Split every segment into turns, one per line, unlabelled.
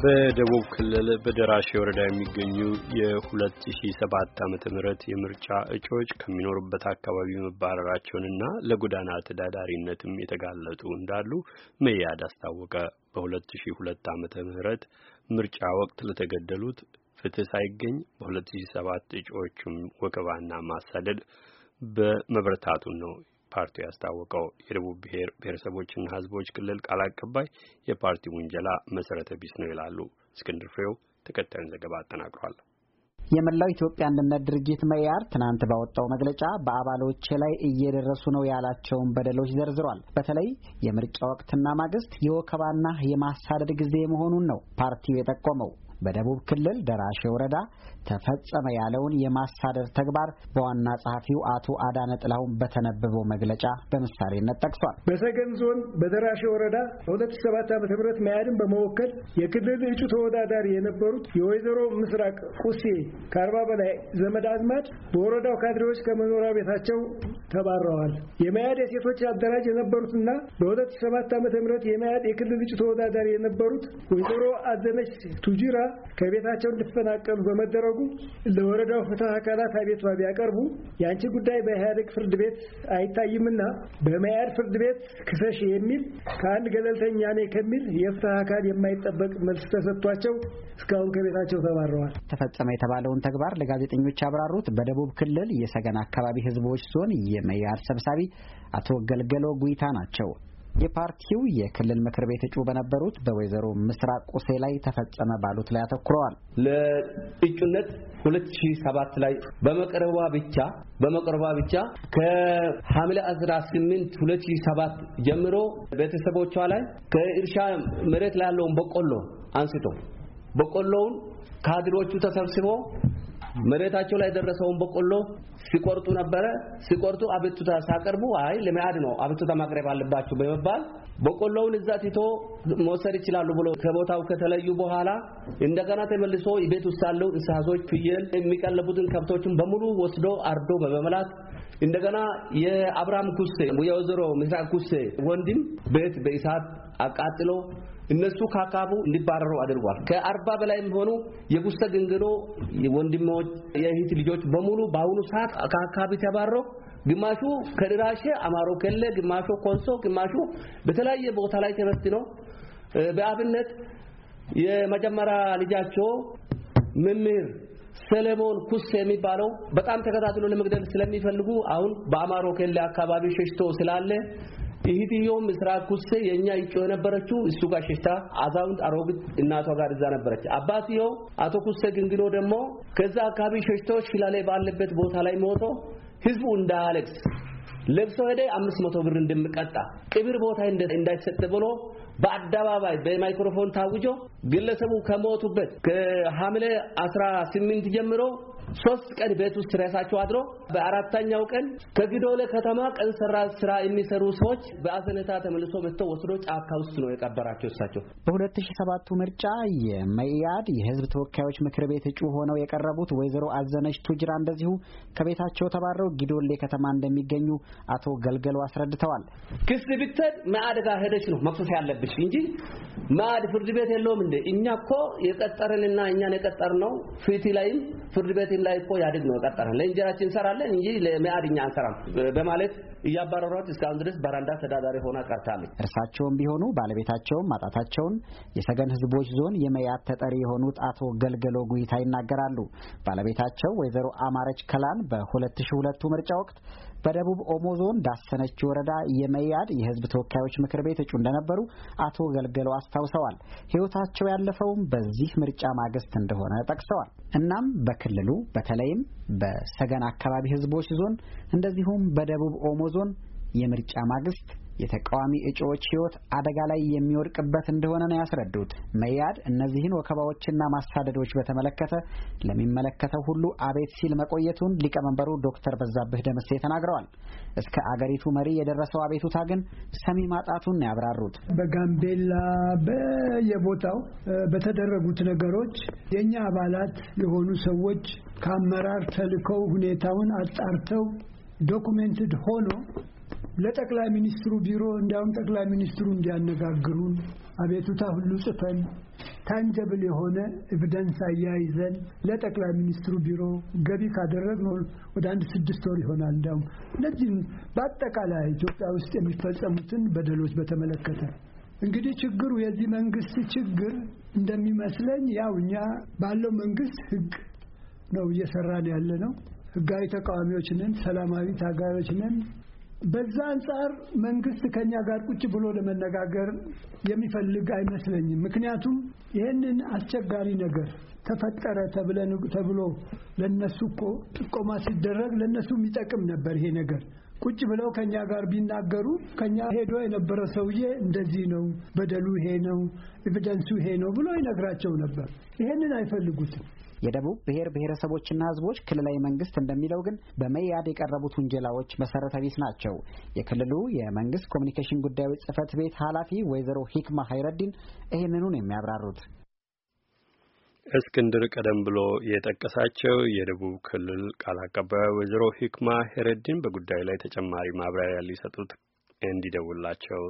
በደቡብ ክልል በደራሽ ወረዳ የሚገኙ የ2007 ዓ.ም የምርጫ እጩዎች ከሚኖሩበት አካባቢ መባረራቸውንና ለጎዳና ተዳዳሪነትም የተጋለጡ እንዳሉ መያድ አስታወቀ። በ2002 ዓ.ም ምርጫ ወቅት ለተገደሉት ፍትህ ሳይገኝ በ2007 እጩዎቹም ወከባና ማሳደድ በመብረታቱን ነው ፓርቲው ያስታወቀው። የደቡብ ብሔር ብሔረሰቦችና ሕዝቦች ክልል ቃል አቀባይ የፓርቲው ውንጀላ መሰረተ ቢስ ነው ይላሉ። እስክንድር ፍሬው ተከታዩን ዘገባ አጠናቅሯል።
የመላው ኢትዮጵያ አንድነት ድርጅት መኢአድ ትናንት ባወጣው መግለጫ በአባሎች ላይ እየደረሱ ነው ያላቸውን በደሎች ዘርዝሯል። በተለይ የምርጫ ወቅትና ማግስት የወከባና የማሳደድ ጊዜ መሆኑን ነው ፓርቲው የጠቆመው። በደቡብ ክልል ደራሼ ወረዳ ተፈጸመ ያለውን የማሳደድ ተግባር በዋና ጸሐፊው አቶ አዳነ ጥላሁን በተነበበው መግለጫ በምሳሌነት ጠቅሷል።
በሰገን ዞን በደራሼ ወረዳ ሁለት ሰባት ዓመተ ምህረት መያድን በመወከል የክልል እጩ ተወዳዳሪ የነበሩት የወይዘሮ ምስራቅ ቁሴ ከአርባ በላይ ዘመድ አዝማድ በወረዳው ካድሬዎች ከመኖሪያ ቤታቸው ተባረዋል። የመያድ የሴቶች አደራጅ የነበሩትና በሁለት ሰባት ዓመተ ምህረት የመያድ የክልል እጩ ተወዳዳሪ የነበሩት ወይዘሮ አዘነች ቱጂራ ከቤታቸው እንዲፈናቀሉ በመደረጉ ለወረዳው ፍትህ አካላት አቤቱታ ቢያቀርቡ የአንቺ ጉዳይ በኢህአዴግ ፍርድ ቤት አይታይምና በመያድ ፍርድ ቤት ክሰሽ የሚል ከአንድ ገለልተኛ ኔ ከሚል
የፍትህ አካል የማይጠበቅ መልስ ተሰጥቷቸው እስካሁን ከቤታቸው ተባረዋል። ተፈጸመ የተባለውን ተግባር ለጋዜጠኞች ያብራሩት በደቡብ ክልል የሰገን አካባቢ ህዝቦች ዞን የመያድ ሰብሳቢ አቶ ገልገሎ ጉይታ ናቸው። የፓርቲው የክልል ምክር ቤት እጩ በነበሩት በወይዘሮ ምስራቅ ቁሴ ላይ ተፈጸመ ባሉት ላይ አተኩረዋል።
ለእጩነት 2007 ላይ በመቅረቧ ብቻ በመቅረቧ ብቻ ከሐምሌ 18 2007 ጀምሮ ቤተሰቦቿ ላይ ከእርሻ መሬት ላይ ያለውን በቆሎ አንስቶ በቆሎውን ካድሮቹ ተሰብስቦ መሬታቸው ላይ ደረሰውን በቆሎ ሲቆርጡ ነበረ። ሲቆርጡ አቤቱታ ሳቀርቡ አይ ለመያድ ነው አቤቱታ ማቅረብ አለባችሁ በመባል በቆሎውን እዛ ትቶ መውሰድ ይችላሉ ብሎ ከቦታው ከተለዩ በኋላ እንደገና ተመልሶ ቤት ውስጥ ያለው እንስሳቶች፣ ፍየል፣ የሚቀለቡትን ከብቶችን በሙሉ ወስዶ አርዶ በመመላት እንደገና የአብርሃም ኩሴ የወይዘሮ ምስራቅ ኩሴ ወንድም ቤት በእሳት አቃጥሎ እነሱ ካካቡ እንዲባረሩ አድርጓል። ከአርባ በላይ የሚሆኑ የጉስተ ግንግኖ ወንድሞች፣ የእህት ልጆች በሙሉ በአሁኑ ሰዓት ከአካባቢ ተባረሩ። ግማሹ ከድራሼ አማሮ ከለ፣ ግማሹ ኮንሶ፣ ግማሹ በተለያየ ቦታ ላይ ተበትነው በአብነት የመጀመሪያ ልጃቸው መምህር ሰለሞን ኩስ የሚባለው በጣም ተከታትሎ ለመግደል ስለሚፈልጉ አሁን በአማሮ ከለ አካባቢ ሸሽቶ ስላለ እህትዮ ምስራቅ ኩሴ የኛ ይጮ የነበረችው እሱ ጋር ሽሽታ አዛውንት አሮጊት እናቷ ጋር እዛ ነበረች። አባትዮ አቶ ኩሴ ግንግሎ ደግሞ ከዛ አካባቢ ሸሽቶ ሽላሌ ባለበት ቦታ ላይ ሞቶ ህዝቡ እንዳያለቅስ ለብሶ ሄደ። 500 ብር እንደምቀጣ ቅብር ቦታ እንዳይሰጥ ብሎ በአደባባይ በማይክሮፎን ታውጆ ግለሰቡ ከሞቱበት ከሐምሌ 18 ጀምሮ ሶስት ቀን ቤት ውስጥ ራሳቸው አድሮ በአራተኛው ቀን ከግዶለ ከተማ ቀን ስራ ስራ የሚሰሩ ሰዎች በአዘነታ ተመልሶ መጥተው ወስዶ ጫካ ውስጥ ነው የቀበራቸው። እሳቸው
በ2007 ምርጫ የመኢአድ የህዝብ ተወካዮች ምክር ቤት እጩ ሆነው የቀረቡት ወይዘሮ አዘነች ቱጅራ እንደዚሁ ከቤታቸው ተባረው ጊዶሌ ከተማ እንደሚገኙ አቶ ገልገሉ አስረድተዋል።
ክስ ብትሄድ መአድ ጋር ሄደች ነው መክሰስ ያለብሽ እንጂ መአድ ፍርድ ቤት የለውም እንዴ? እኛ እኮ የቀጠረንና እኛን ነው ፊቲ ላይም ፍርድ ቤት ላይ እኮ ያድግ ነው ቀጠረ ለእንጀራችን እንሰራለን እንጂ ለመያድኛ አንሰራም በማለት እያባረሯት እስካሁን ድረስ በራንዳ ተዳዳሪ ሆና ቀርታለች።
እርሳቸውም ቢሆኑ ባለቤታቸውም ማጣታቸውን የሰገን ህዝቦች ዞን የመያድ ተጠሪ የሆኑት አቶ ገልገሎ ጉይታ ይናገራሉ። ባለቤታቸው ወይዘሮ አማረች ከላን በ2002 ምርጫ ወቅት በደቡብ ኦሞ ዞን ዳሰነች ወረዳ የመያድ የህዝብ ተወካዮች ምክር ቤት እጩ እንደነበሩ አቶ ገልገሎ አስታውሰዋል። ህይወታቸው ያለፈውም በዚህ ምርጫ ማግስት እንደሆነ ጠቅሰዋል። እናም በክልሉ በተለይም በሰገን አካባቢ ህዝቦች ዞን እንደዚሁም በደቡብ ኦሞ ዞን የምርጫ ማግስት የተቃዋሚ እጩዎች ህይወት አደጋ ላይ የሚወድቅበት እንደሆነ ነው ያስረዱት። መያድ እነዚህን ወከባዎችና ማሳደዶች በተመለከተ ለሚመለከተው ሁሉ አቤት ሲል መቆየቱን ሊቀመንበሩ ዶክተር በዛብህ ደምሴ ተናግረዋል። እስከ አገሪቱ መሪ የደረሰው አቤቱታ ግን ሰሚ ማጣቱን ያብራሩት። በጋምቤላ
በየቦታው በተደረጉት ነገሮች የእኛ አባላት የሆኑ ሰዎች ከአመራር ተልከው ሁኔታውን አጣርተው ዶኩሜንትድ ሆኖ ለጠቅላይ ሚኒስትሩ ቢሮ እንዲያውም ጠቅላይ ሚኒስትሩ እንዲያነጋግሩን አቤቱታ ሁሉ ጽፈን ታንጀብል የሆነ ኤቪደንስ አያይዘን ለጠቅላይ ሚኒስትሩ ቢሮ ገቢ ካደረግነው ወደ አንድ ስድስት ወር ይሆናል። እንዲያውም እነዚህም በአጠቃላይ ኢትዮጵያ ውስጥ የሚፈጸሙትን በደሎች በተመለከተ እንግዲህ ችግሩ የዚህ መንግስት ችግር እንደሚመስለኝ ያው እኛ ባለው መንግስት ህግ ነው እየሰራን ያለ ነው። ህጋዊ ተቃዋሚዎች ነን፣ ሰላማዊ ታጋዮች ነን፣ በዛ አንጻር መንግስት ከኛ ጋር ቁጭ ብሎ ለመነጋገር የሚፈልግ አይመስለኝም። ምክንያቱም ይህንን አስቸጋሪ ነገር ተፈጠረ ተብሎ ለነሱ እኮ ጥቆማ ሲደረግ ለነሱ የሚጠቅም ነበር ይሄ ነገር። ቁጭ ብለው ከኛ ጋር ቢናገሩ ከኛ ሄዶ የነበረ ሰውዬ እንደዚህ ነው፣ በደሉ ይሄ ነው፣ ኤቪደንሱ ይሄ ነው ብሎ ይነግራቸው ነበር። ይሄንን አይፈልጉትም።
የደቡብ ብሔር ብሔረሰቦችና ህዝቦች ክልላዊ መንግስት እንደሚለው ግን በመያድ የቀረቡት ውንጀላዎች መሰረተ ቢስ ናቸው። የክልሉ የመንግስት ኮሚኒኬሽን ጉዳዮች ጽህፈት ቤት ኃላፊ ወይዘሮ ሂክማ ሀይረዲን ይህንኑን የሚያብራሩት
እስክንድር ቀደም ብሎ የጠቀሳቸው የደቡብ ክልል ቃል አቀባይ ወይዘሮ ሂክማ ሄረዲን በጉዳዩ ላይ ተጨማሪ ማብራሪያ ሊሰጡት እንዲደውላቸው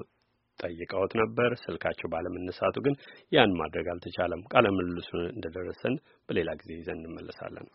ጠይቀውት ነበር። ስልካቸው ባለመነሳቱ
ግን ያን ማድረግ አልተቻለም። ቃለ ምልልሱን እንደደረሰን በሌላ ጊዜ ይዘን እንመለሳለን።